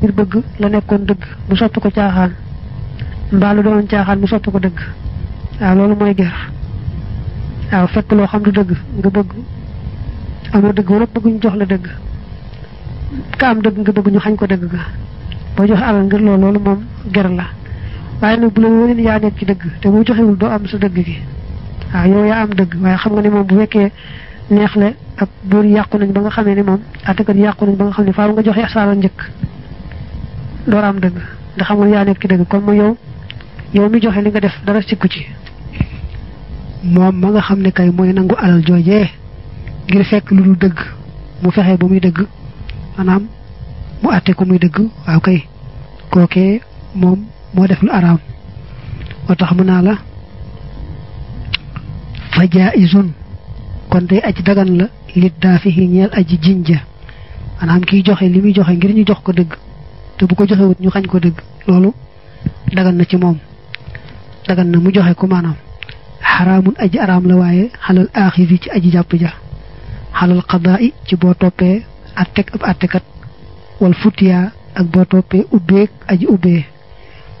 ngir bëgg la nekkoon dëgg mu soppi ko caaxaan mbaa lu doon caaxaan mu soppi ko dëgg waaw loolu mooy ger waaw fekk loo xam du dëgg nga bëgg amoo dëgg wala bëgg ñu jox la dëgg ka am dëgg nga bëgg ñu xañ ko dëgg ga boo jox alal ngir loolu loolu moom ger la waaye nag bu la wóoree yaa nekk ci dëgg te boo joxewul doo am sa dëgg gi waaw yow yaa am dëgg waaye xam nga ne moom bu fekkee neex la ak buur yàqu nañ ba nga xamee ne moom attakat yàqu nañ ba nga xam ne faaw nga joxe asaalal njëkk loraam dëgg ndax xamul yaa nekk ci dëgg kon mu yow yow joxe li nga def dara sikku ci moom ma nga xam ne kay mooy nangu alal jooje ngir fekk lu dul dëgg mu fexe ba muy dëgg maanaam mu àtte ko muy dëgg waaw kay kookee moom moo def lu araam moo tax mu naa la fa jaizun kon day aji dagan la lit daa fi ñeel aji jinja maanaam kiy joxe li muy joxe ngir ñu jox ko dëgg te bu ko joxewut ñu xañ ko dëgg loolu dagan na ci moom dagan na mu joxe ko maanaam haramun aji araam la waaye xalal aaxiri ci aji jàpp ja xalal qadaa'i ci boo toppee attek ab attekat wal futiya ak boo toppee ubbeek aji ubbee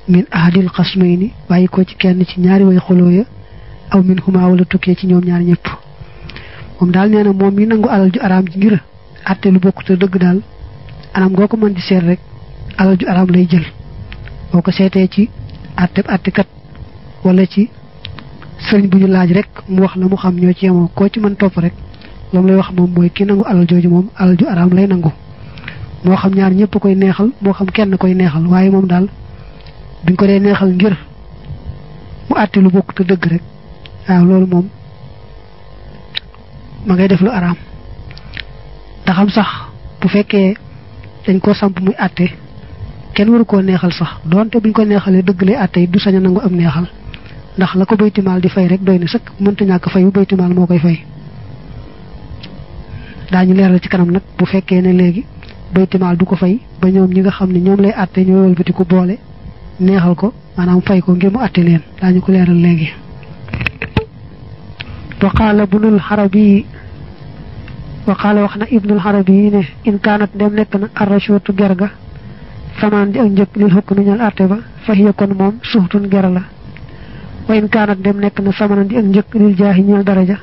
min ahadil xasmayni bàyyi ko ci kenn ci ñaari way xoloo ya, aw min huma wala tukkee ci ñoom ñaar ñëpp moom daal nee na moom mi nangu alal ju aram ji ngir atte lu bokk te dëgg daal anam goo ko di seet rek alal ju araam lay jël boko sété ci atep atikat wala ci sëriñ buñu laaj rek mu wax la mu xam ñoo ci yamo ko ci man top rek lam lay wax mom moy ki nangu alal joju mom alal ju lay nangu mo xam ñaar ñepp koy neexal mo xam kenn koy neexal waye mom dal duñ ko neexal ngir mu atti lu bokku te deug rek waaw lool mom ma ngay def lu araam ndaxam sax bu fekke dañ ko samp muy atté kenn waru ko neexal sax donte buñ ko neexalee dëgg lay àttey du sañ a nangu am neexal ndax la ko baytimaal di fay rek doy na sëkk mënta ñàkk fay bu baytimaal moo koy fay daañu leeral ci kanam nag bu fekkee ne léegi baytimaal du ko fay ba ñoom ñi nga xam ne ñoom lay àtte ñoo wëlbati ko boole neexal ko maanaam fay ko ngir mu àtte leen daañu ko leeral léegi وقال ابن الحربي وقال وخنا ابن الحربي إن كانت دم نكنا الرشوة جرجة faman di ak njëkk lil hukmi ñal arté ba fa hiya kon mom suhtun gerala wa in kana dem nek na samanan di ak njëkk lil jahi ñal daraja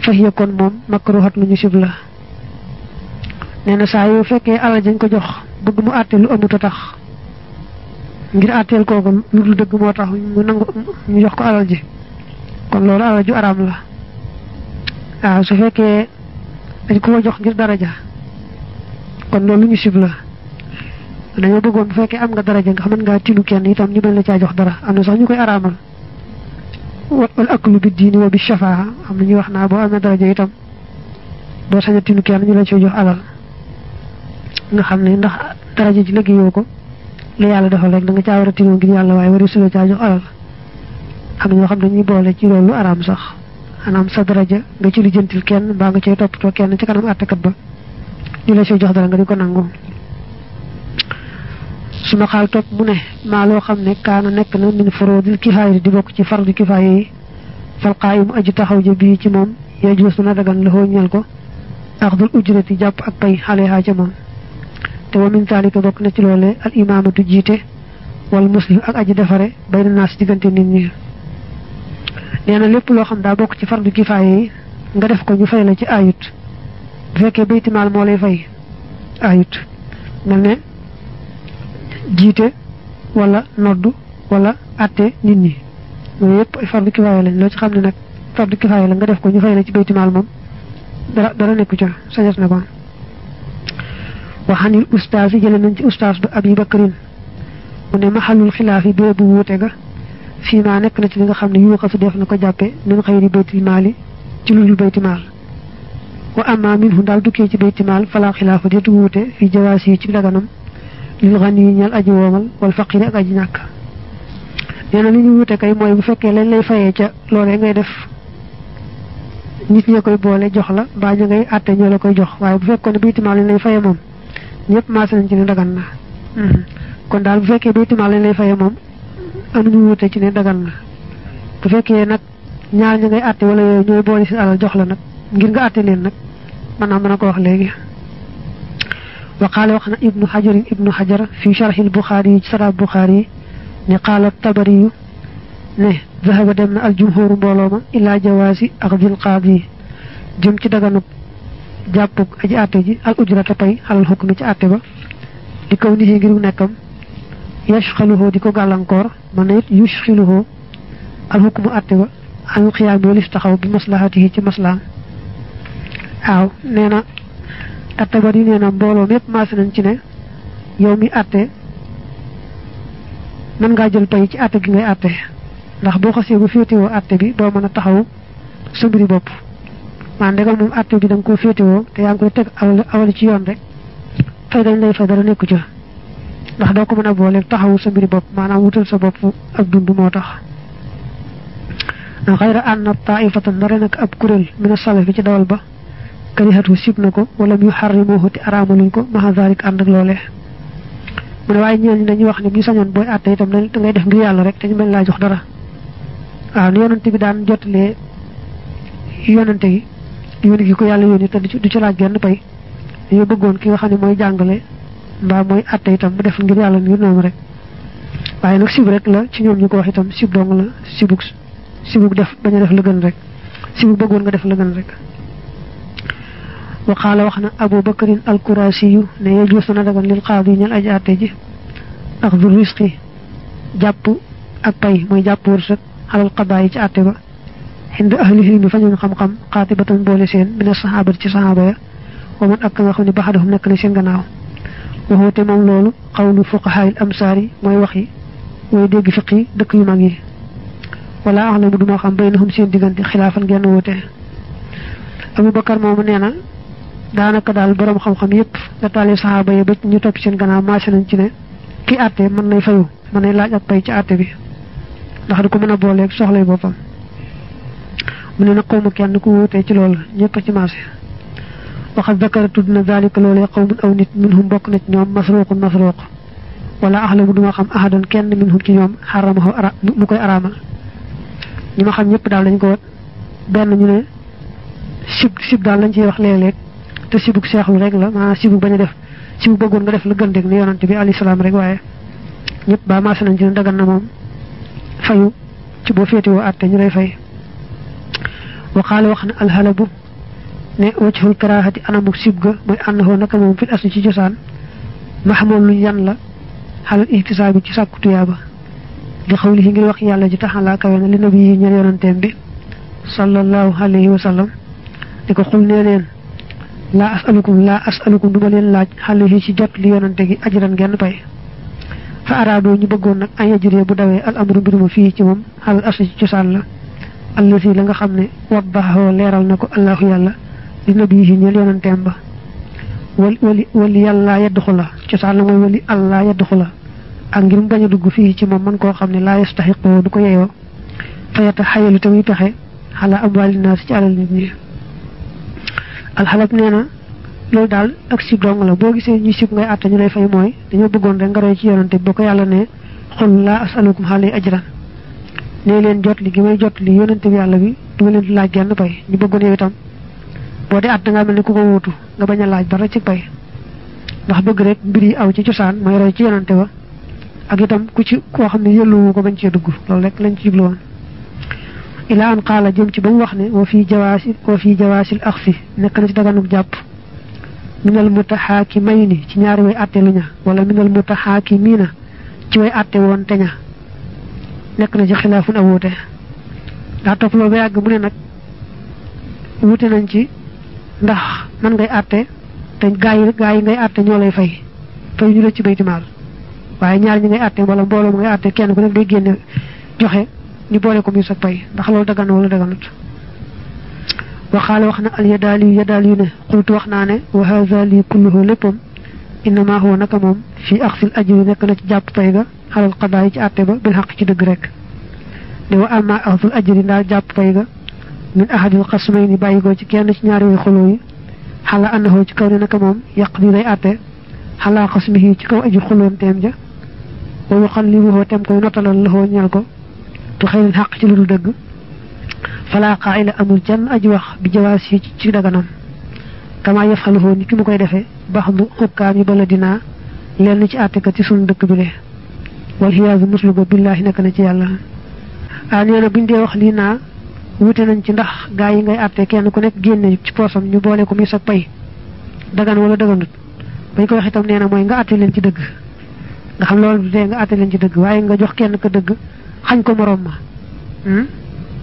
fa hiya kon mom makruhat lu ñu sibla neena sa yu fekke ala jañ ko jox bëgg mu arté lu amu tax ngir ko koku lu dul deug motax ñu nang ñu jox ko alal ji kon loolu ala ju aram la ah su fekke dañ ko jox ngir daraja kon loolu ñu sibla dañoo bëggoon bu fekkee am nga daraja nga xam mën ngaa tilu kenn itam ñu bañ la caa jox dara am na sax ñu koy araamal wal aklu bi diini wa bi am na ñuy wax naa boo amee daraja itam doo sañ a tilu ñu la cay jox alal nga xam ne ndax daraja ji liggéeyoo ko li yàlla defal rek da nga caa war a tiloo ngir yàlla waaye wari sula caa jox alal am na ñoo xam ne dañuy boole ci loolu araam sax anaam sa daraja nga ci lu jëntil kenn mbaa nga cay toppatoo kenn ci kanam àttekat ba ñu la cay jox dara nga di ko nangu suma xaal topp mu ne maa loo xam ne kaana nekk na min faroodil kifaaya di bokk ci fardu kifaaya yi fal qaayum aji taxaw ja bii ci moom yajuus dana dagan la xooñal ko axdul ujrati jàpp ak pay xaleha ca moom te wa min taalika bokk na ci loole al imaamatu jiite wal muslim ak aji defare bay na naas diggante nit ñi nee lépp loo xam daa bokk ci far du kifaaya yi nga def ko ñu fay la ci ayut bu fekkee baytimaal moo lay fay ayut mel ne jiite wala noddu wala atte nit ñi loolu yëpp ay fardu kifaaya lañ loo ci xam ne nag fardu kifaaya lañ nga def ko ñu fay la ci baytimaal moom dara dara nekku ca sañas na ko waxanil ustaas yi jële nañ ci ustaas ba abi bakarin mu ne maxalul xilaaf yi béréb bu wuute ga fii maa nekk na ci li nga xam ne yuuxasu def na ko jàppe min xëyri baytimaali ci lu ñu baytimaal wa amma minhu daal dukkee ci baytimaal falaa xilaafa déet wuute fii jawaas yi ci daganam lil xani yi ñal aji woomal wal faqiri ak aji ñàkk nee na li ñu wute kay mooy bu fekkee lañ lay faye ca loolee ngay def nit ñee koy boole jox la baa ñu ngay àtte ñoo la koy jox waaye bu fekkoon ne bitimaa lañ lay fayee moom ñëpp maas nañ ci ne dagan na mm-hmm. kon daal bu fekkee bitimaa lañ lay fayee moom am ñu wute ci ne dagan na bu fekkee nag ñaar ñu ngay àtte wala ñooy boole si alal jox la nag ngir nga àtte leen nag maanaam mën a ko wax léegi وقال وخنا ابن حجر ابن حجر في شرح البخاري شرح البخاري ne qaala tabariyu ne zahaba dem na al jumhuru mbooloo ma ilaa jawaasi ak dil qaadi jëm ci daganub jàppug aji àtte ji al ujrata pay xalal xukmi ci àtte ba di kaw ni si ngir nekkam yashxaluhoo di ko gàllankoor mën na it yushxiluhoo al xukmu àtte ba anil xiyaam walis taxaw bi maslahatihi ci maslaam waaw nee na Atabari nee na mbooloo mépp maas nañ ci ne yow mi àtte mën ngaa jël pay ci àtte gi ngay àtte ndax boo xasee bu féetewoo àtte bi doo mën a taxaw sa mbiri bopp maa ndegam moom àtte bi da nga koo féetewoo te yaa ngi koy teg awal awal ci yoon rek fay dañ lay fay dara nekku ca ndax doo ko mën a booleeg taxawu sa mbiri bopp maanaam wutal sa bopp ak dund moo tax na xayra ànd na taifatan ndare nag ab kuréel mina salafi ci dawal ba karihatu sib na ko wala mu xarrimuhu te aramaluñ ko maxa zalik ànd ak loole mu ne waaye ñooñu dañuy wax ne bu ñu sañoon booy àtte itam da ngay def ngir yàlla rek te bañ laa jox dara waaw ni yonante bi daan jottalee yonante yi yónni gi ko yàlla yónni te du ci laaj genn pay dañoo bëggoon ki nga xam ne mooy jàngale mbaa mooy àtte itam mu def ngir yàlla ngir noonu rek waaye nag sib rek la ci ñoom ñu ko wax itam sib dong la sibuk sibuk def bañ def la gën rek sibuk bëggoon nga def la gën rek wa wax na abu bakarin alkurasiyu ne yajuusu na dagan lil qaadi ñal aji àtte ji ak du risqi jàpp ak pay mooy jàpp wërsëg alal qadaa yi ci àtte ba xind ahli xilmi fa ñooñ xam-xam xaatibatan boole seen mina saxaabati ci saxaaba ya wa man ak nga xam ne baxadahum nekk na seen gannaaw waxoote moom loolu xawlu fuqahaayil amsaar yi mooy wax yi mooy dégg fiq yi dëkk yu mag yi wala axlamu duma xam baynahum seen diggante xilaafan genn wuute Abu Bakar moomu nee na daanaka daal boroom xam-xam yëpp da taali saxaaba yi ba ñu topp seen gannaaw marché nañ ci ne ki àtte mën nay fayu mën nay laaj ak pay ci àtte bi ndax du ko mën na booleeg soxlay boppam mu ne na xawma kenn ku wóotee ci loolu ñëpp ci marché waxat dakara tudd na daalika loolee xawmun aw nit minhum bokk na ci ñoom masruqun masruq wala axlamu duma xam ahadan kenn minhum ci ñoom xaramahu ara mu koy araamal ñi ma xam ñëpp daal dañ ko benn ñu ne sib daal lañ ciy wax léeg te sibuk seexlu rek la maanaam sibuk bañ a def sibuk bëggoon nga def la gën rek ni yonante bi alayhi salaam rek waaye ñëpp ba maasa nañ ci dagan na moom fayu ci boo féeti woo àtte ñu lay fay waxaale wax na alxalabu ne wajhul karaahati anamuk sib ga mooy ànd hoo naka moom fil asli ci cosaan maxamoon luñ yan la xalal ihtisaabi ci sàkku tuyaaba li xawli yi ngir wax yàlla ji taxalaa kawe na li nabi yi ñeel yonanteem bi sallallahu alayhi wa sallam ko la asalukum la asalukum duma len laaj xalihi ci jot li yonante gi ajiran genn pay fa arado ñu bëggoon nak ay ajuree bu dawee al amru mbiruma fi ci moom al asu ci cosaan la allasi la nga xam ne leral leeral allah yalla di nabi yi nabiihi yonante mba wali wali wali yàlla yadduxu la wali allah yadkhula ak ngir mu dugg fi ci moom man ko xam la yastahiqu du ko yeyoo fayata tamit ala ci alal nit ñi alxabab nee na loolu daal ak si dong la boo gisee ñu sib ngay àtte ñu lay fay mooy dañoo bëggoon rek nga roy ci yonante boo ko yàlla ne xul laa asalukum aj ajran ne leen jot li gi may jot li yonante bi yàlla bi du leen di laaj genn bay ñu bëggoon yow itam boo dee àtte nga mel ne ku ko wóotu nga bañ a laaj dara ci bay ndax bëgg rek mbir yi aw ci cosaan mooy roy ci yonante ba ak itam ku ci koo xam ne yëlluwu ko bañ cee dugg loolu rek lañ ci jubluwoon ila an qaala jëm ci ba mu wax ne wa fii jawaasi wa fii jawaasil axfi nekk na ci daganuk jàpp minal mutaxaakimayni ci ñaari way atte lu ña wala minal mutaxaakimiina ci way atte woon te ña nekk na ci xilaafun ab ndax daa topp loolu ba yàgg mu ne nag wuute nañ ci ndax nan ngay atte te gaa yi gaa yi ngay atte ñoo lay fay fay ñu la ci baytimaal waaye ñaar ñi ngay atte wala mbooloo mu ngay atte kenn ku nekk day génne joxe ni boole ko muy sa pay ndax loolu dagan wala daganut wa wax waxna al yadali yadaali yu ne xultu wax ne wa hadha li kulluhu léppam inma huwa naka fi akhsi al ajri nek na ci jàpp pay ga xalal xadaa yi ci àtte ba bil haqq ci deug rek ni wa amma akhsi al ajri na jàpp pay ga min ahadil xasmay ni bàyyigoo ci kenn ci ñaar way xuloo yi xala annahu ci kaw ne naka moom yàq di àtte xalaa qasmihi ci kaw aji xuloon tem ja wa yuqallibuhu tem ko notalal lahoo ñeel ko bi xayril xaq ci lu dul dëgg fala qaa'ila amul jenn aji wax bi jawaas yi ci daganam kama yafxaluhu ni ki mu koy defee baxdu xukkaam yi bala dinaa lenn ci àttekat ci sunu dëkk bi le wal xiyaasu muslu ba billaahi nekk na ci yàlla ah nee na buñ dee wax lii naa wute nañ ci ndax gaa yi ngay àtte kenn ku nekk génne ci poosam ñu boole ko muy sa pay dagan wala daganut bañ ko wax itam nee na mooy nga àtte leen ci dëgg nga xam loolu dee nga àtte leen ci dëgg waaye nga jox kenn ka dëgg xañ ko moroom ma hmm?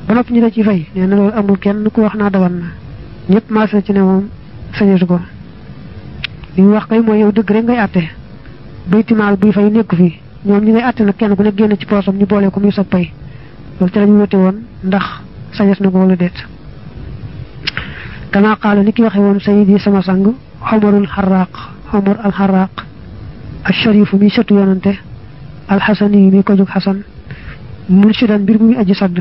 ba noppi ñu da ci fay nee na loolu amul kenn ku wax naa dawan na ñëpp maasa ci ne moom sañatu ko li ñu wax kay mooy yow dëgg rek ngay àtte baytimaal buy fay nekk fi ñoom ñi ngay àtte nag kenn ku ne génn ci poosam ñu boole ko muy sa pay loolu ci la ñu wéte woon ndax sañas na ko wala déet kama qaala ni ki waxe woon sayidi sama sang xomarul xaraaq xomar alxaraaq asharifu mi sëtu yonante alxasani yi mi ko jóg xasan murshidan dan muy aji sodd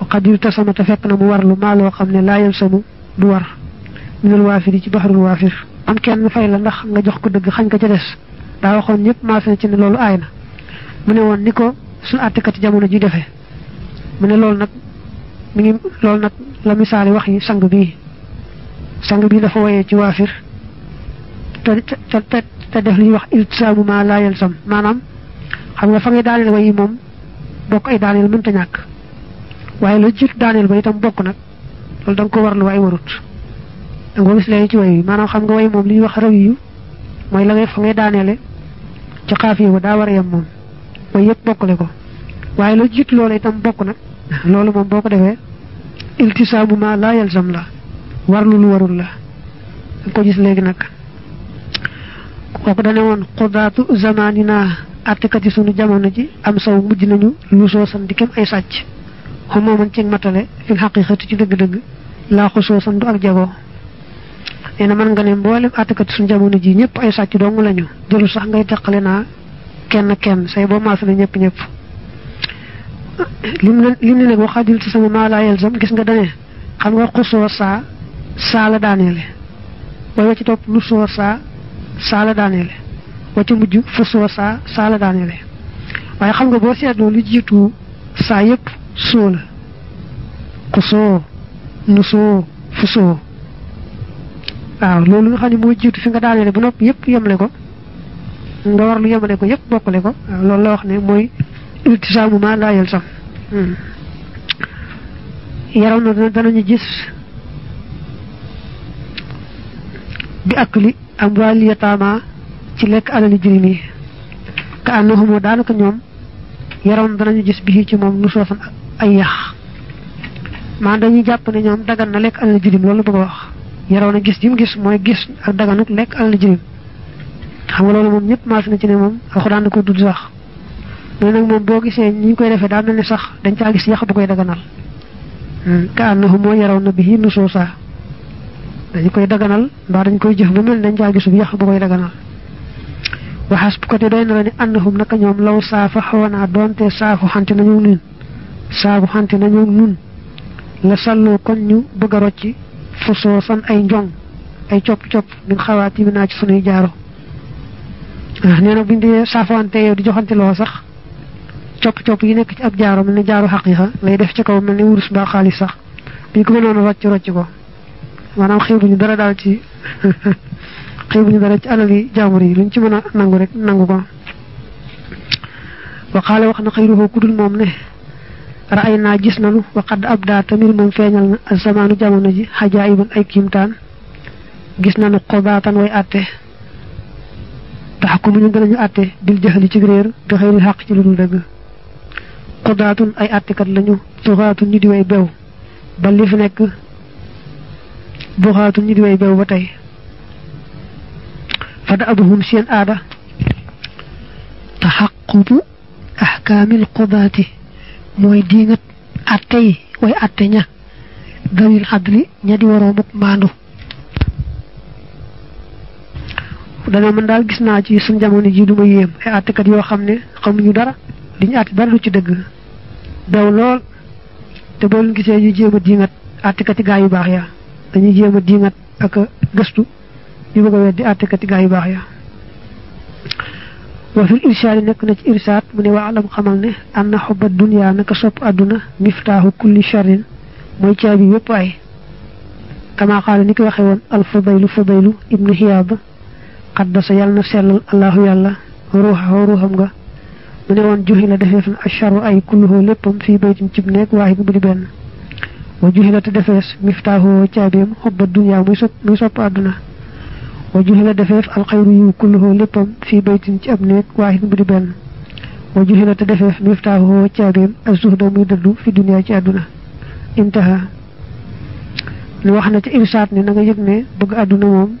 wa qadir tasama ta fek na mu war lu maa loo xamne la laa samu du war minul wafir ci bahrul wafir am kenn fay la ndax nga jox ko deug xagn ko ci dess da waxon ñëpp ma na ci ne loolu aay na mu ne woon ko suñu àttekati jamono ji defé mu ne loolu mi ngi lolu nak la misali wax yi sang bi sang bi dafa waye ci ta ta def li wax yalsam manam xam nga fa ngay way mom bokk ay daaneel mënta ñàkk waaye la jiitu daaneel ba tam bokk nag loolu da ko war lu waaye warut da nga ko gis léegi ci moom li wax raw mooy la ngay fa ngay daaneele daa war a yem moom way yëpp ko waaye la jiitu loolu itam bokk nag loolu moom boo ko defee iltisaabu ma laa yalzam la warlu lu warul la ko gis léegi nag kooku dane woon xudaatu àttekat yi sunu jamono ji am saw mujj nañu luusoo san di kem ay sàcc xamoo man ci matale fil xaqiqati ci dëgg-dëgg laa xusoo san du ak jagoo nee na mën nga ne mboolem àttekat yi sunu jamono ji ñëpp ay sàcc dong lañu jëlu sax ngay teqale naa kenn kenn say boo maas na ñëpp ñëpp lim ne lim ne nag waxaadil ci sama maa sam gis nga dane xam nga xusoo saa saa la daaneele booy ci topp luusoo saa saa la daaneele ba ca mujj fësoo saa saa waaye xam nga boo seetloo lu jiitu saa yëpp soo la xusoo nusoo fusoo waaw loolu nga xam ne moo jiitu fi nga daanele ba noppi yëpp yemle ko nga war lu yemale ko yépp bokkale ko waaw loolu la wax ne mooy iltisaamu maa laa yel sax hmm. yaraw na danañu gis bi ak li am waa liyataama ci lek alali jirim yi ka dalu ko ñom yaram danañu gis bi ci mom nu soofan ay yah ma dañu japp ne ñom dagan na lek alali jirim lolu bëgg wax yaraw na gis jim gis moy gis ak daganuk lek alali jirim xam nga lolu mom ñepp ma na ci ne mom alxuraan ko dudd sax mu nak mom bo gisee ñi koy defé da melni sax dañ ca gis yah bu koy daganal hmm, ka annahu mo bi bihi nususa dañ koy daganal ba dañ koy jëf bu mel dañ ca gis yah bu koy daganal waxas bu ko te doy na la ne annahum naka ñoom law saafa xawanaa doonte saafu xante nañu nun saafu xante nañu nun la sàlloo kon ñu bëgg a rocci fusoo san ay njong ay copp-copp min xawaati mi naa ci sunuy jaaro ah nee na buñ dee saafawante yow di joxante loo sax copp-copp yi nekk ci ab jaaro mel ne jaaro xaqiiqa lay def ci kaw mel ne wurus ba xaalis sax buñ ko mënoon rocc rocc ko maanaam ñu dara daal ci xeebuñu dara ci alal yi jaamur yi luñ ci mën a nangu rek nangu ko waxaale wax na xayruhu ku dul moom ne raay naa gis nanu waxadd ab daa tamit moom feeñal na azamaanu jamono ji xajaa iban ay kiimtaan gis nanu xobaatan way àtte tax ku mu ñu gën ñu àtte bil jaxali ci réer bi xëy xaq ci lu dul dëgg xudaatun ay àttekat lañu tuxaatun ñu di way bew ba li fi nekk buxaatun ñu di way bew ba tey fa da abuhum sen ada tahaqqub ahkam al qudati moy di nga atay way atenya dawil adli nya di woro bok mandu da na man dal gis na ci e atta kat yo xamne xam ñu dara di ñatt ba lu ci deug daw lol te bo ngi gisee ñu jema di nga atta kat ga ya dañu jema di nga ak gestu ñu bëgg a yu baax ya wa fil irsaad nekk na ci irsaad mu ne waa alam xamal ne anna xobba dunya naka sopp àdduna miftaaxu kulli sharrin mooy caabi yépp ay kama xaala ni ko waxee woon al fudaylu fudaylu ibnu hiyaaba xaddasa yàlla na sellal allahu yàlla ruuxahu ruuxam nga mu ne woon juxi la defeef na asharu ay kulluhoo léppam fii baytin cib nekk waaxi bu di benn wa juxi la te defees miftaaxu caabeem xobba dunya muy sopp àdduna wa juxila defeef alxayru yiw kulluhu léppam fii baytin ci ab néeg waahid bu di benn wa juxila te defeef miftaahu caabeem ak zuhda muy dëddu fi duniyaa ci àdduna intaha lu wax na ci irsaat ne na nga yëg ne bëgg àdduna moom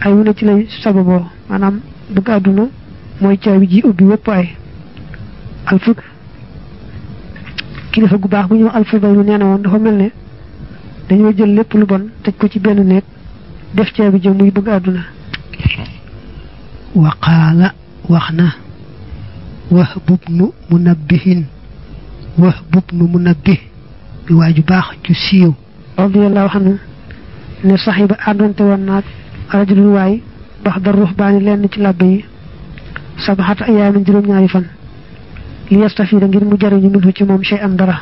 ay wu ne ci lay sababoo maanaam bëgg àdduna mooy caabi ji ubbi wépp ay kilifa gu baax bu ñëw alfut bay lu nee na woon dafa mel ne dañoo jël lépp lu bon teg ko ci benn néeg def bi jëm muy bëgg wa qaala wax wahbubnu munabbihin wahbubnu munabbih bi waaju baax ju siiw radiyallahu anhu ne sahiba àndante woon naag rajul way bax da ruhbaani len ci labbi sabahat ayyam jurum fan li yastafida ngir mu ñu ci mom shay am dara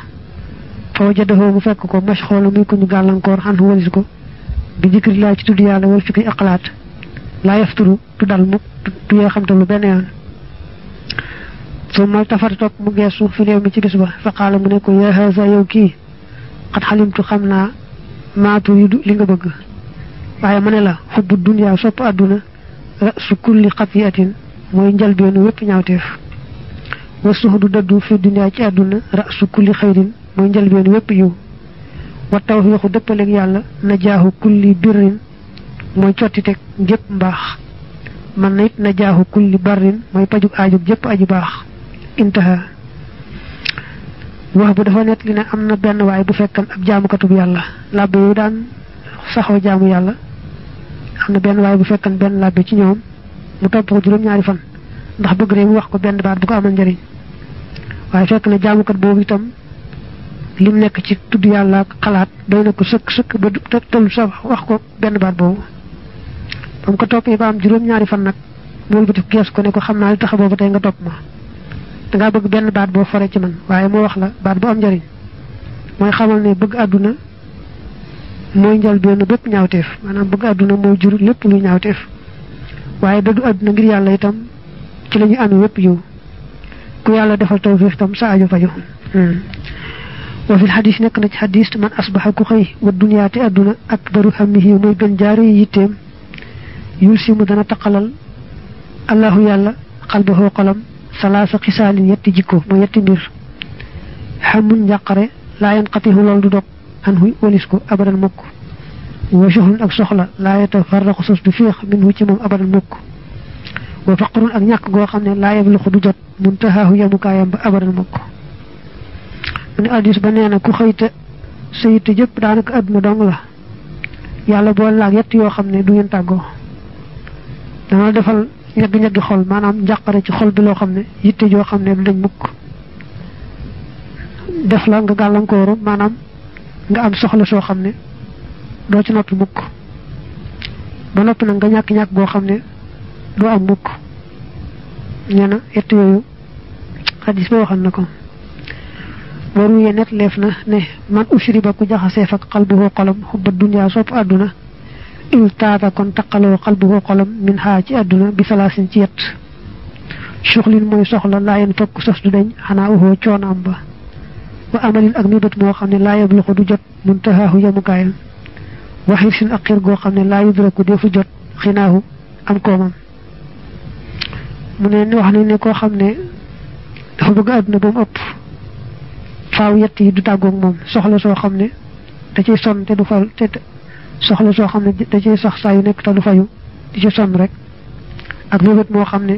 fa wajadahu mu fekk ko mashkhulu mi ko ñu galankor di jikir la ci tuddu yalla wal fikri ak xalaat la yafturu tu dal mu tu ye xam lu ben yoon so ma tafar top mu gesu fi rew mi ci bisba fa xaala mu ne ko yaa haza yow ki qad halimtu xam ma turidu li nga bëgg waye ma la xubbu dunya sopp àdduna su kulli moy mooy ben wepp ñawteef wa suhudu dëddu fi dunya ci aduna ra su kulli moy mooy ben wepp yu wa tawfiixu dëppaleeg yàlla najaaxu kulli birrin mooy cottiteg gépp mbaax man na it najaaxu kulli barin mooy pajug aajug jépp aju baax intaha wax bu dafa nett li ne am na benn waay bu fekkan ab jaamukatub yàlla làbbe yu daan saxoo jaamu yàlla am na benn waay bu fekkan benn làbbe ci ñoom mu topp ko juróom-ñaari fan ndax bëgg rek mu wax ko benn baat bu ko amal njëriñ waaye fekk na jaamukat boobu itam li nekk ci tudd yàlla ak xalaat doy na ko sëkk sëkk ba tëll sa wax ko benn baat boobu ba mu ko toppee ba am juróom-ñaari fan nag mool ba def gees ko ne ko xam naa li tax boobu tey nga topp ma dangaa bëgg benn baat boo fore ci man waaye moo wax la baat bu am njëriñ mooy xamal ne bëgg àdduna mooy njal benn bépp ñaawteef maanaam bëgg àdduna moo jur lépp lu ñaawteef waaye dëddu àdduna ngir yàlla itam ci lañuy ñu yépp wépp ku yàlla defal tawfiix itam sa وفي الحديث نقل حديث من أصبح كخي والدنيا تأدنا أكبر همه ونيقن جاري يتم يلسي مدنة قلل الله يالا قلبه وقلم ثلاث قسال يتجيكو مو يتمر حم يقري لا ينقطه لول دوك أنه يوليسكو أبدا مكو وشهر أكسخلا لا يتفرق خصوص بفيخ منه كمم أبدا مكو وفقر أن يقوى لا يبلغ دوجات منتهاه يمكا يمبا أبدا مكو mu ne addis ba nee na ku xëyta sa yitte jëpp daanaka àdduna dong la yàlla boo laag yett yoo xam ne du ngeen tàggoo dana defal ñegg-ñeggi xol maanaam njàqare ci xol bi loo xam ne yitte joo xam ne du dañ mukk def la nga gàllankooru maanaam nga am soxla soo xam ne doo ci noppi mukk ba noppi nag nga ñàkk-ñàkk goo xam ne doo am mukk nee yett yooyu xadis ba waxal na ko waru ye net na ne man ushriba ku jaxaseef ak xalbuhu xolam xubba dunya sopp àdduna il taata kon taqaloo xalbuhu xolam min xaa ci àdduna bi salaasin ci yet suxlin mooy soxla laayen fekk sos du deñ xanaa uhoo coonaam ba wa amalin ak mébét moo xam ne laa yabluxu du jot mun taxaaxu yemukaayam waxir sin ak xir goo xam ne laa yudraku defu jot xinaahu am koomam mu ne wax na ne koo xam ne dafa bëgg àdduna ba mu ëpp faaw yett yi du tàggook moom soxla soo xam ne da ciy son te du fal te soxla soo xam ne da ciy sax saa yu nekk te du fayu di ci sonn rek ak mébét moo xam ne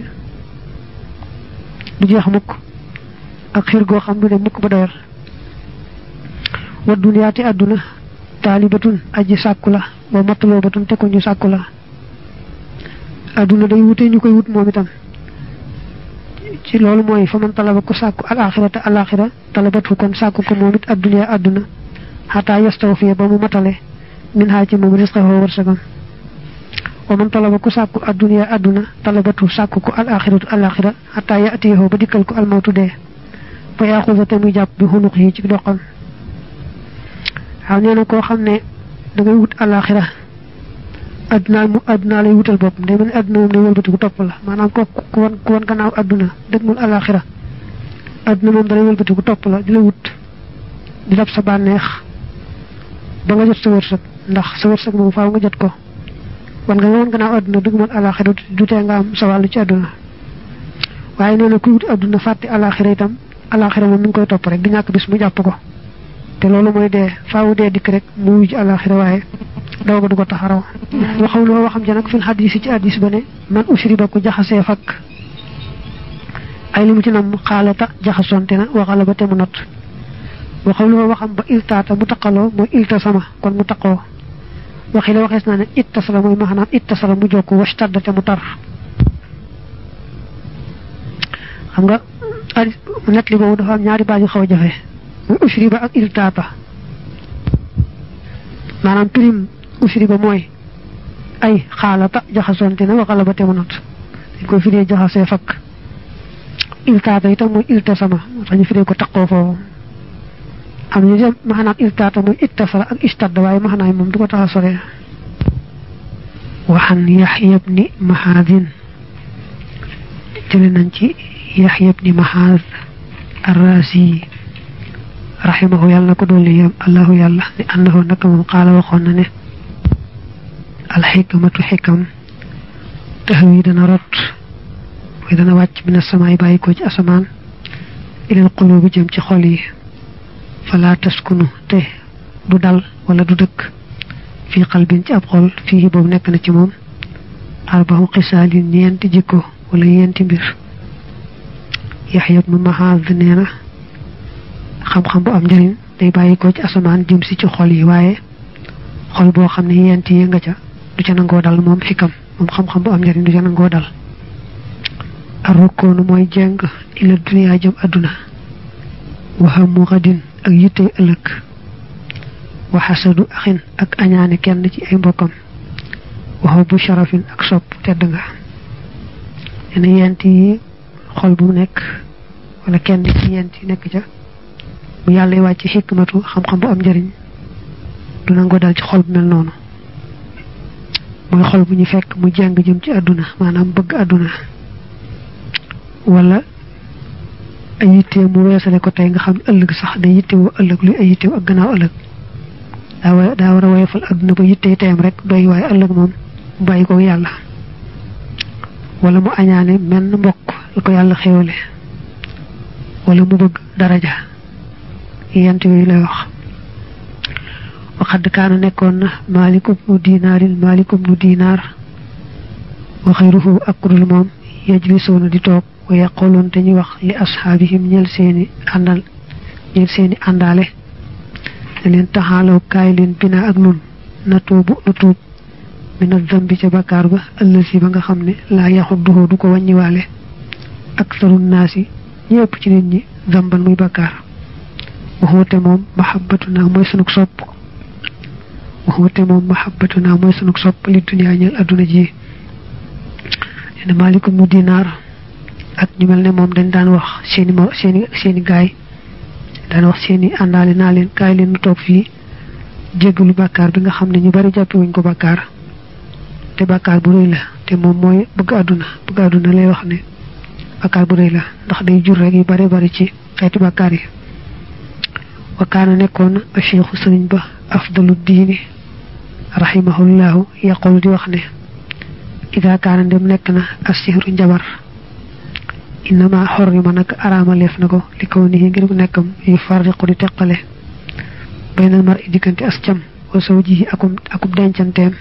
du jeex mukk ak xiir goo xam du ne mukk ba doyal wa duniyaati àdduna taalibatun aji sàkku la wa mataloobatun te ko ñu sàkku la àdduna day wute ñu koy wut moom itam ci loolu mooy fa man talaba ko sàkku alaaxirata alaaxira talabatu kon sàkku ko moom it adduniyaa adduna xataa yastaw fii ba mu matale min xaa ci moom risqahu wërsëgam wa man talaba ko sàkku adduniyaa adduna talabatu sàkku ko alaaxiratu alaaxira xataa yaatiyahu ba dikkal ko almawtu dee ba yaaxuda te muy jàpp bi xunuq yi ci doxam waaw nee na koo xam ne dangay wut alaaxira adna mu adna lay wutal bop day man adna mom lay wëlbeuti top la manam ko ku won ku aduna deg mul alakhirah adna mom day wëlbeuti ku top la dila wut di sa banex ba nga jott sa wërsak ndax sa wërsak mom faaw nga jott ko wan nga won gannaaw aduna deg mul alakhirah du te nga am sa walu ci aduna waye nonu ku wut aduna fatte alakhirah itam alakhirah mom ngi koy top rek di ñak bis mu japp ko te loolu mooy dee faawu dee dikk rek mu wuj àlaxira waaye daw ko du ko taxaraw waxaw loo waxam ja nag fil xadis ci addis ba ne man usriba ku jaxasee fakk ay li mu ci nam xaalata jaxasonte na waxala ba te mu not waxaw waxam ba iltaata mu taqaloo mooy ilta sama kon mu taqoo waxi la waxees naa ne ittasala mooy maanaam ittasala mu jokk washtadda te mu tar xam nga nett li boobu dafa am ñaari baat yu xaw a jafe wa maanaam pirim mooy ay xaalata jaxasoonte na waxala ba te munut dañ koy firee jaxasee fakk iltaaba itam mooy iltasama moo tax ñu firee ko taqoo foofu am ñu dem maanaam iltaata mooy ittasala ak istadda waaye maanaam moom du ko tax a soree waxan yaxya ibni mahadin jële nañ ci yaxya ibni mahad arrasi rahimahu yalla ko dolli yam allahu yalla ni annahu nak mom qala waxon na ne al hikmatu hikam tahwi dana rot way dana wacc min samay bayiko ci asaman ila al qulub jëm ci xol yi fala taskunu te du dal wala du dekk fi qalbin ci ab xol fi bob nek na ci mom arbahu qisalin ñent jikko wala ñent mbir yahya ibn mahaz neena xam-xam bu am jëriñ day ko ci asamaan jëm si ci xol yi waaye xol boo xam ne yent yi nga ca du ca nangoo dal moom xikam moom xam-xam bu am jëriñ du ca nangoo dal arrukoonu mooy jeng ila duniyaa jëm àdduna waxamu xadin ak yitte ëllëg waxasadu axin ak añaane kenn ci ay mbokkam waxu bu sharafin ak sopp tedd nga yent yi xol bu nekk wala kenn ci yent yi nekk ca bu yàlla wàcc xikmatu xam-xam bu am njariñ du nangoo dal ci xol bu mel noonu mooy xol bu ñu fekk mu jàng jëm ci àdduna maanaam bëgg àdduna wala ay yittee mu weesale ko tey nga xam ëllëg sax day yittewoo ëllëg luy ay yittewu ak gannaaw ëllëg daa war daa a woyofal àdduna ba yittee teyam rek doy waaye ëllëg moom mu bàyyi ko yàlla wala mu añaane menn mbokk la ko yàlla xéwale wala mu bëgg daraja yent yooyu lay wax waxad kaana nekkoon na maalikum nu diinaarin maalikum nu diinaar wa xayruhu ak kudul moom yajlisuuna di toog wa yaquluun te ñu wax li asxaabihim ñel seeni àndal ñel seeni àndaale ne leen taxaalaw kaay leen binaa ak nun na tuubu nu tuub mina zambi ca bakkaar ba ëllësi ba nga xam ne laa yaxudduhoo du ko wàññiwaale ak sarun naasi ci nit ñi zamban muy bakkaar waxu te mom mahabbatuna moy sunu sopp waxu te mom mahabbatuna moy sunu sopp li dunya ñal aduna ji ina malikum mu dinar ak ñu melne mom dañ daan wax seeni seeni seeni gaay daan wax seeni andale na leen kay leen tok fi jéggalu bakkar bi nga xamne ñu bari jappé wuñ ko bakkar te bakkar bu reuy te mom moy bëgg aduna bëgg aduna lay wax ne bakkar bu reuy bare ndax day jur rek yu bari bari ci bakkar yi wa kaana nekkoon a cheikhu sëriñ ba afdalu diini rahimahullahu yaqul di wax ne ida kaana ndem nekk na asihru njabar innama xorrima nag araamaleef na ko li kaw nii ngir nekkam yu farriqu di teqale baynal mar i diggante as cam wa saw ji akum akub dencanteem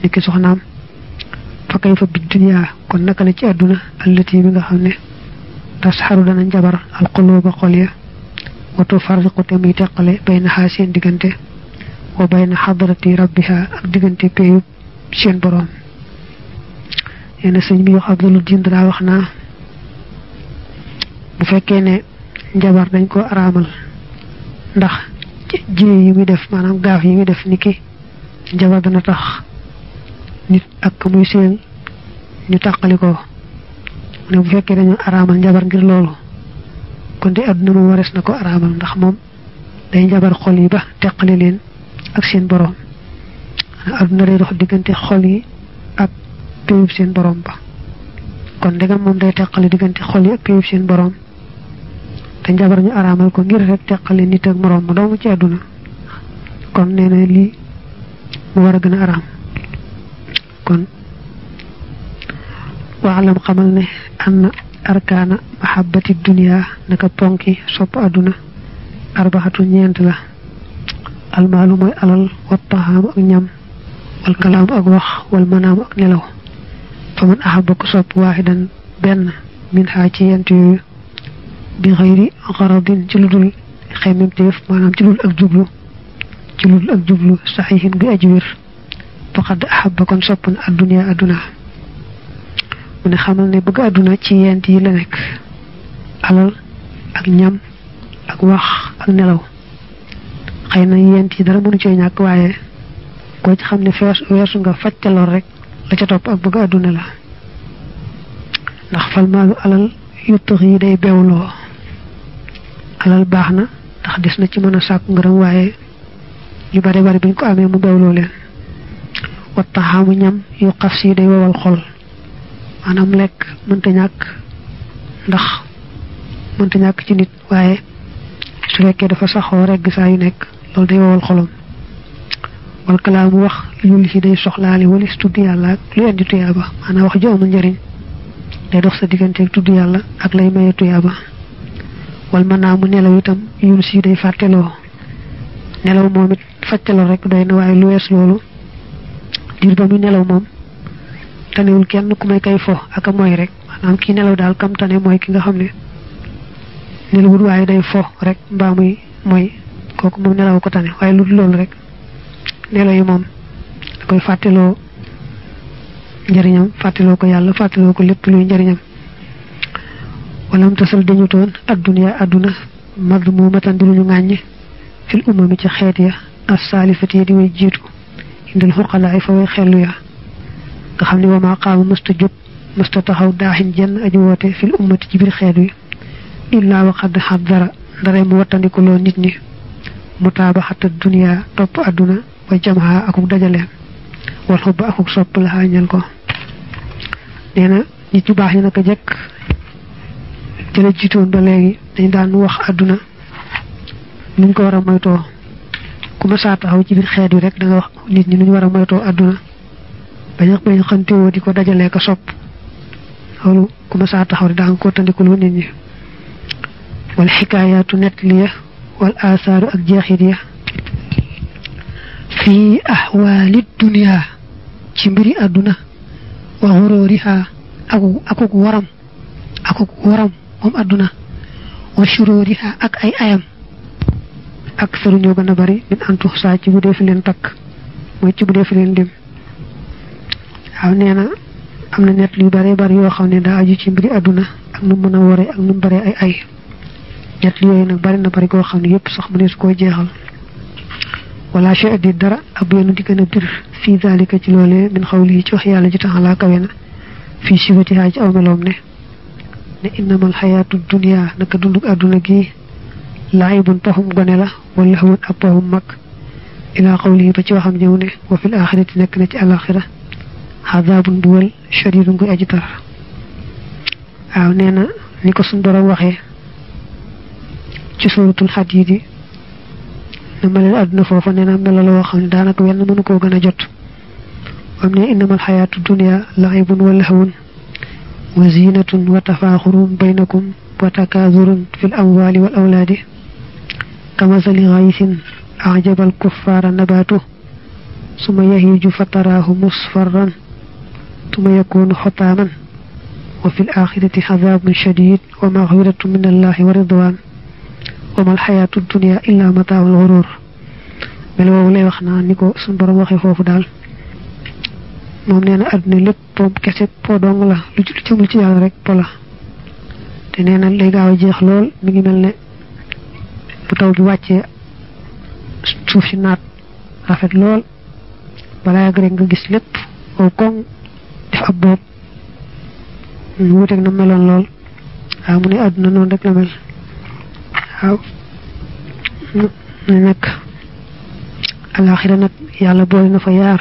ni ki soxnaam fa kay fa bid duniyaa kon naka la ci àdduna allati bi nga xam ne tasxaru dana njabar alquluba xol ya wa tufarriqu te muy teqale baynaha seen diggante wa bayna xadrati rabbiha ak diggante péyub seen boroom nee na sëñ bi wax Abdul Diin daa wax naa bu fekkee ne njabar dañ ko araamal ndax jiye yi muy def maanaam gaaf yi muy def niki njabar dana tax nit ak muy seen ñu tàqali ko ne bu fekkee dañu araamal njabar ngir loolu kon de àdduna moom warees na ko araamal ndax moom day njabar xol yi ba teqale leen ak seen boroom àdduna day dox diggante xol yi ak péyub seen boroom ba kon ndegam moom day teqale diggante xol yi ak péyub seen boroom te njabar ñu araamal ko ngir rek teqale nit ak moroom mu doomu ci àdduna kon nee lii mu war a gën a araam kon waalam xamal ne am na arkaana mahabbati dunya naka ponki sop aduna arbaxatu ñeent la malu moy alal wa taham ak ñam wal kalam ak wax wal manam ak nelaw fa man ahabba ko sop wahidan ben min ha ci yent yu bi ghairi gharadin ci lu dul xemmemteef maanaam ci ak jublu ci ak jublu sahihin bi ajwir faqad ahabba kon sopp mu ne xamal ne bëgg aduna ci yent yi la nekk alal ak ñam ak wax ak nelaw xëy na yent yi dara mënu cee ñàkk waaye ko ci xam ne fees weesu nga rek la ca topp ak bëgg aduna la ndax alal yuttux yi day bewloo alal baax na ndax des na ci mën a sàkku ngërëm waaye ñu bare bari buñ ko amee mu bewloo leen wattaxaamu ñam yu day wowal xol manam lek mënta ñak ndax mënta ñak ci nit waye su lekke dafa saxo reg sa yu nek lol day wol xolam wal kalam wax yul ci day soxlaali wal istudi yalla lu andi tuyaba ana wax jawmu njariñ day dox sa digënté tuddi yalla ak lay maye tuyaba wal manamu nelaw itam yul ci day fatelo nelaw momit faccelo rek doyna way lu wess lolu dir nelaw mom tanewul kenn ku may kay fo ak a mooy rek maanaam kii nelaw daal kam tane mooy ki nga xam ne nelawul waaye day fo rek mbaa muy mooy kooku moom nelaw ko tane waaye lu loolu rek nelaw yi moom da koy fàttaloo njëriñam fàttaloo ko yàlla fàttaloo ko lépp luy njëriñam walam tasal dañu toon adduna adduna mad mu matan di lu ñu ŋàññi fil umami ci xeet ya as saalifati di way jiitu indil xurqalaay fa way xellu ya nga xam ne wa maa qaama mësta jub mësta taxaw daaxin jenn aji woote fil ummati ci biir xeet wi illaa waxad xat dara ndare mu wattandiku loo nit ñi mu taabaxata topp àdduna wa jamha akuk dajale wal xubba akuk sopp la xaañal ko nee na nit ñu baax ñi naka jëkk jële jiitoon ba léegi dañ daan wax àdduna nuñ ko war a moytoo ku ma saa taxaw ci biir xeet wi rek da nga wax nit ñi nuñ war a moytoo àdduna banyak banyak bay di kota jalan ko lalu loolu ku ma saa taxaw daan ko tandikul nit wal xikaayaatu nett li wal asar ak jeexit fi dunia ci aduna àdduna wa aku aku kuaram aku kuaram om aduna, àdduna wa ak ay ayam ak saru ñoo bari min antu saa ci bu dee bu leen aw nee na am na nett yu bare bari yoo xam ne daa aju ci mbiri àdduna ak nu mën a ware ak nu mu bare ay ay nett yooyu nag bari na bari koo xam ne yëpp sax mënees koo jeexal wala che di dara ab yoonu di gën a bir fii daalika ci loolee min xawli yi ci wax yàlla ji taxalaa kawe na fii sifati haa ci aw meloom ne ne innamal xayaatu dunia naka dunduk àdduna gi laayibun paxum gone la wala xawun ab paxum mag ilaa xawli yi ba ci waxam ñëw ne wa fil axirati nekk na ci alaxira xadaabun mbugal shadidun gu aji tar waaw nee na ni ko suñ borom waxee ci suratul xadiidi na melal àdduna foofa nee na melal woo xam ne daanaka wenn mënu koo gën a jot am ne innamal xayaatu dunia laxibun wa lahwun wa zinatun wa tafaaxurun baynakum wa takaazurun fil amwaali wal awlaadi kamasali xayisin ajabal kuffaara nabaatu suma yahiiju fataraahu musfarran ثم يكون حطاما وفي الآخرة عذاب شديد ومغفرة من الله ورضوان وما الحياة الدنيا إلا متاع الغرور بل وولي وخنا نيكو سن بروم وخي فوفو دال موم نينا ادني لب توم كاسي بودون لا لو جيتو تيمل تي يالا ريك بولا تي نينا لي غاو جيخ لول ميغي ملني بو تاو جي واتي توفي نات رافيت لول بلا غرينغ غيس لب او كون def ab boob wuuteeg na meloon lool waaw mu ne àdduna noonu rek la mel waaw ne nag alaaxira nag yàlla boole na fa yaar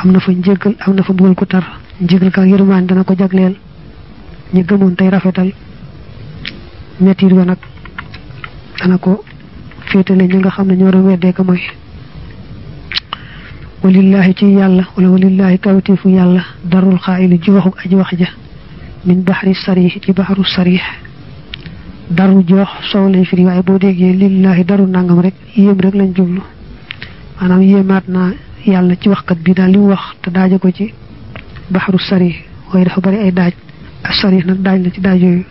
am na fa njëgal am na fa mbugal ko tar njëgal ka yërmaan dana ko jagleel ñu gëmoon tey rafetal mettiir ba nag dana ko féetale ñi nga xam ne ñoo doon mooy ولله تي يالا ولا ولله كوتيف يالا دار الخائل جوخ اج من بحر الصريح تي بحر الصريح دار جوخ سول في رواي بودي لله دار نانغام رك ييم رك لن جوبلو انا ييماتنا يالا تي واخ كات بي دا لي واخ تا داجاكو تي بحر الصريح وي دا اي داج الصريح نك داج لا تي داج يوي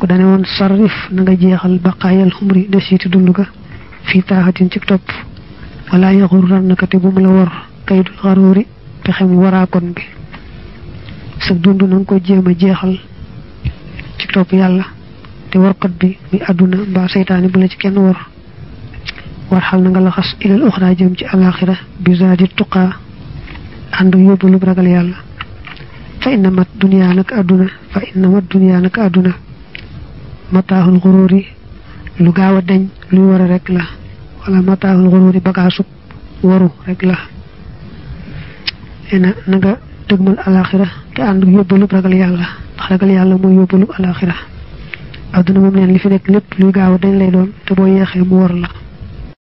كو داني صرف نغا جيخال بقايا الحمر دسيتي دولوغا في تاهاتين تيك توب wala yaxurrannaka te bu mu la war kaydul xaruuri pexem waraakon bi sa dund na nga ko jéem a jeexal ci topp yàlla te warkat bi muy àdduna mbaa seytaane bu la ci kenn war war xal na nga la xas ilal uxraa ci alaxira bi zaadi tuqaa ànd yóbbalub ragal yàlla fa inna mat duniyaa nag àdduna fa inna mat duniyaa nag àdduna mataaxul xuróor yi lu gaaw a dañ luy war a rek la wala mataaxul xururi bagaasub waru rek la ena na nga dëgmal alaxira te ànd yóbbalub ragal yàlla ndax ragal yàlla mooy yóbbalub alaxira adduna moom leen li fi nekk lépp luy gaaw dañ lay doon te boo yeexee mu war la